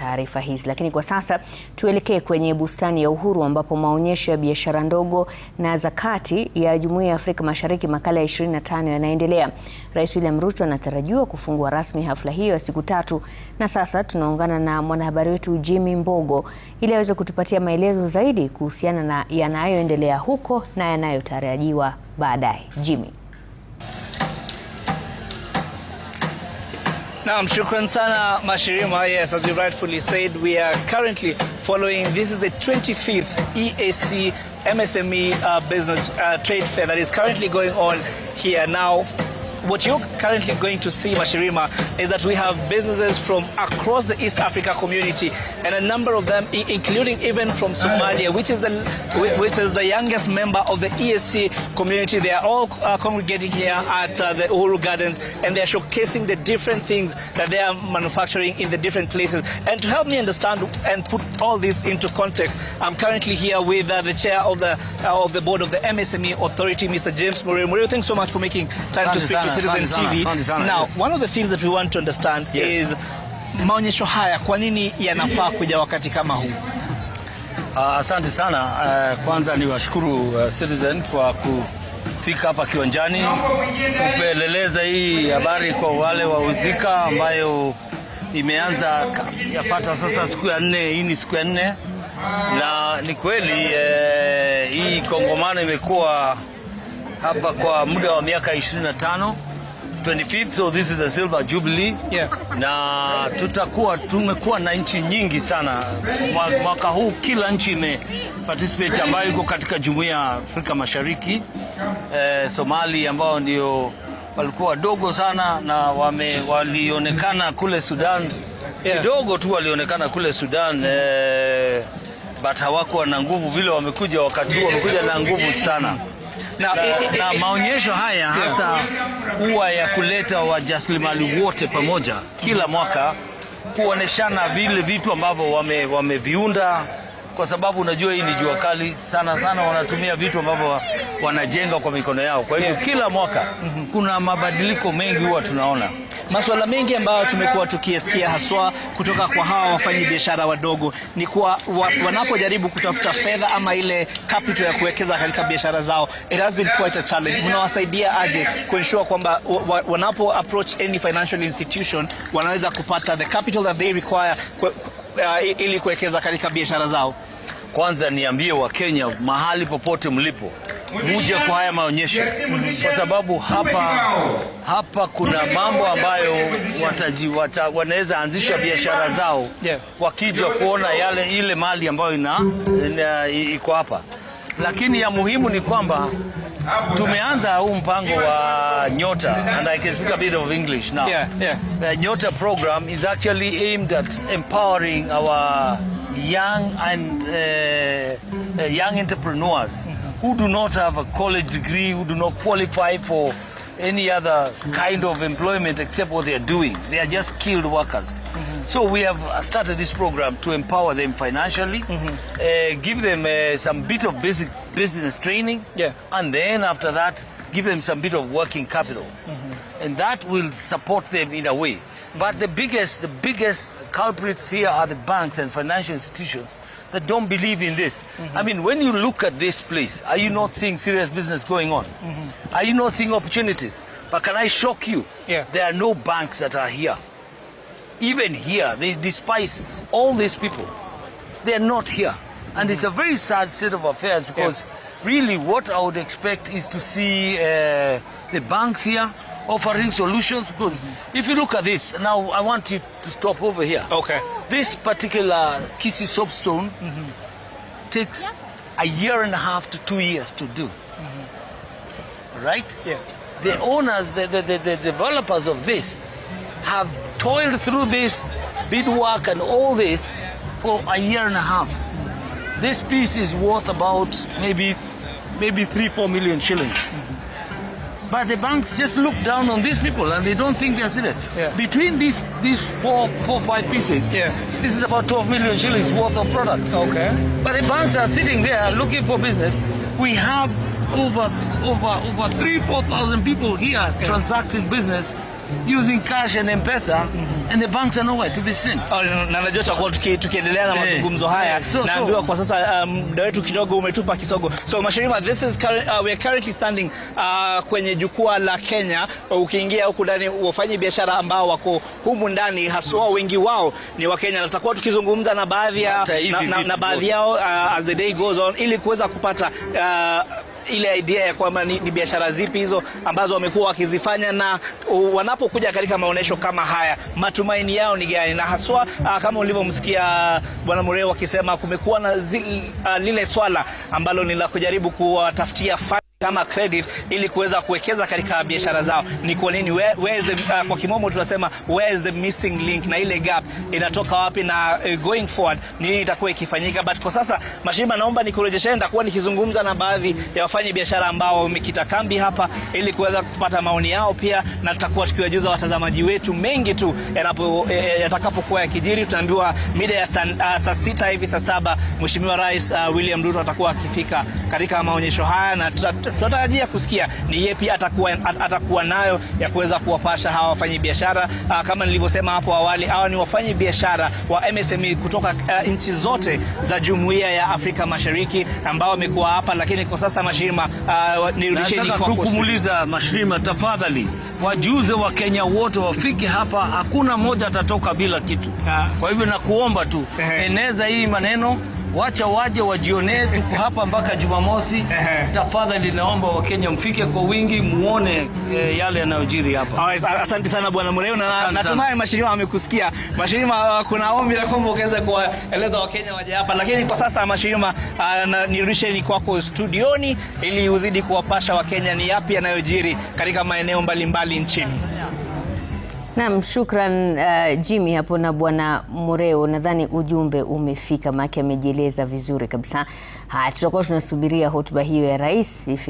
taarifa hizi, lakini kwa sasa tuelekee kwenye bustani ya Uhuru ambapo maonyesho ya biashara ndogo na zakati ya Jumuiya ya Afrika Mashariki makala ya 25 yanaendelea. Rais William Ruto anatarajiwa kufungua rasmi hafla hiyo ya siku tatu, na sasa tunaungana na mwanahabari wetu Jimmy Mbogo ili aweze kutupatia maelezo zaidi kuhusiana na yanayoendelea huko na yanayotarajiwa baadaye. Jimmy. Now, shukran sana Mashirima. Yes, as you rightfully said, we are currently following, this is the 25th EAC MSME uh, Business uh, Trade Fair that is currently going on here now what you're currently going to see, Mashirima, is that we have businesses from across the East Africa community, and a number of them, including even from Somalia, which is the which is the youngest member of the ESC community. They are all uh, congregating here at uh, the Uhuru Gardens, and they are showcasing the different things that they are manufacturing in the different places. And to help me understand and put all this into context, I'm currently here with uh, the chair of the uh, of the board of the MSME Authority, Mr. James Murray. Murray, thanks so much for making time to speak. To Citizen TV. Now, one of the things that we want to understand yes. is maonyesho haya kwa nini yanafaa kuja wakati kama huu? Ah, asante sana uh, kwanza ni washukuru uh, ah, Citizen kwa kufika hapa kiwanjani kupeleleza hii habari kwa wale wahusika ambayo imeanza yapata sasa siku ya nne. Hii ni siku ya nne na ni kweli eh, hii kongomano imekuwa hapa kwa muda wa miaka 25 25th so this is the silver jubilee yeah. Na tutakuwa tumekuwa na nchi nyingi sana mwaka huu, kila nchi ime participate ambayo iko katika jumuiya ya Afrika Mashariki. Eh, Somali ambao ndio walikuwa wadogo sana na wame, walionekana kule Sudan kidogo tu walionekana kule Sudan eh, but hawakuwa na nguvu vile, wamekuja wakati huu wamekuja na nguvu sana na, na maonyesho haya hasa huwa ya kuleta wajasiriamali wote pamoja kila mwaka kuoneshana vile vitu ambavyo wameviunda wame kwa sababu unajua hii ni jua kali sana sana, wanatumia vitu ambavyo wanajenga kwa mikono yao. Kwa hivyo kila mwaka kuna mabadiliko mengi huwa tunaona masuala mengi ambayo tumekuwa tukisikia haswa kutoka kwa hawa wafanyi biashara wadogo ni kwa wa, wanapojaribu kutafuta fedha ama ile capital ya kuwekeza katika biashara zao. It has been quite a challenge. Mnawasaidia aje kuensure kwamba wa, wanapo approach any financial institution wanaweza kupata the capital that they require uh, ili kuwekeza katika biashara zao. Kwanza niambie Wakenya mahali popote mlipo muje kwa haya maonyesho kwa sababu hapa hapa kuna mambo ambayo wataji wata, wanaweza anzisha biashara zao wakija kuona yale ile mali ambayo ina, ina, iko hapa, lakini ya muhimu ni kwamba tumeanza huu mpango wa Nyota and I can speak a bit of English now. Yeah, yeah. The Nyota program is actually aimed at empowering our young and uh, uh young entrepreneurs who do not have a college degree, who do not qualify for any other kind of employment except what they are doing. They are just skilled workers. Mm-hmm. So we have uh, started this program to empower them financially, mm-hmm. uh, give them uh, some bit of basic business training, yeah. and then after that, give them some bit of working capital. Mm-hmm and that will support them in a way. But the biggest, the biggest culprits here are the banks and financial institutions that don't believe in this. Mm-hmm. I mean, when you look at this place, are you mm-hmm. not seeing serious business going on? Mm-hmm. Are you not seeing opportunities? But can I shock you? Yeah. There are no banks that are here. Even here, they despise all these people. They are not here. And it's a mm-hmm. very sad state of affairs because yeah. really what I would expect is to see uh, the banks here offering solutions because if you look at this now i want you to stop over here okay this particular kissy soapstone mm-hmm. takes a year and a half to two years to do mm-hmm. right yeah the owners the, the, the, the developers of this have toiled through this bit work and all this for a year and a half this piece is worth about maybe maybe three four million shillings mm-hmm. But the banks just look down on these people and they don't think they're serious. Yeah. Between these these four four five pieces, yeah. this is about 12 million shillings worth of products. Okay. But the banks are sitting there looking for business. We have over over over three four thousand people here yeah. transacting business using cash and M-Pesa mhm. and the banks are nowhere to be seen. Oh, na najua tutakuwa tukiendelea na eh. mazungumzo haya. na ambiwa kwa sasa um, muda wetu kidogo umetupa kisogo. So Mashirima, this is uh, we are currently standing uh, kwenye jukwaa la Kenya. Ukiingia huku ndani, wafanya biashara ambao wako humu ndani haswa wengi wao ni wa Kenya. Tutakuwa tukizungumza na baadhi ya na, na, na baadhi yao uh, as the day goes on ili kuweza kupata uh, ile idea ya kwamba ni, ni biashara zipi hizo ambazo wamekuwa wakizifanya na wanapokuja katika maonyesho kama haya matumaini yao ni gani, na haswa uh, kama ulivyomsikia ah, Bwana mureu akisema kumekuwa na zi, uh, lile swala ambalo ni la kujaribu kuwatafutia kama credit ili kuweza kuwekeza katika biashara zao. Ni kwa nini where, where is the uh, kwa kimombo tunasema where is the missing link, na ile gap inatoka wapi na uh, going forward nini itakuwa ikifanyika. But kwa sasa Mashimba, naomba nikurejeshe, nitakuwa nikizungumza na baadhi ya wafanya biashara ambao wamekita kambi hapa ili kuweza kupata maoni yao pia, na tutakuwa tukiwajuza watazamaji wetu mengi tu yanapo yatakapokuwa yakijiri. Tunaambiwa mida ya saa uh, sa sita hivi saa saba Mheshimiwa Rais uh, William Ruto atakuwa akifika katika maonyesho haya na tuta, tunatarajia kusikia ni yepi atakuwa, atakuwa nayo ya kuweza kuwapasha hawa wafanyi wafanyabiashara. Ah, kama nilivyosema hapo awali, hawa ni wafanyi biashara wa MSME kutoka uh, nchi zote za Jumuiya ya Afrika Mashariki ambao wamekuwa hapa, lakini kwa sasa Mashirima, uh, nirudisheni kwa kumuuliza Mashirima, tafadhali wajuze wa Kenya wote wafike hapa, hakuna mmoja atatoka bila kitu. Kwa hivyo nakuomba tu eneza hii maneno wacha waje wajionee, tuko hapa mpaka Jumamosi. Tafadhali naomba Wakenya mfike kwa wingi, muone e, yale yanayojiri hapa. asante sana bwana Mureo na natumai mashirima amekusikia. Mashirima, kuna ombi la kwamba ukaweza kuwaeleza Wakenya waje hapa, lakini kwa sasa mashirima, ah, uh, nirudisheni kwako studioni ili uzidi kuwapasha Wakenya ni yapi yanayojiri katika maeneo mbalimbali nchini. Naam, shukran uh, Jimmy hapo na Bwana Mureo, nadhani ujumbe umefika, maana amejieleza vizuri kabisa. Haya, tutakuwa tunasubiria hotuba hiyo ya rais.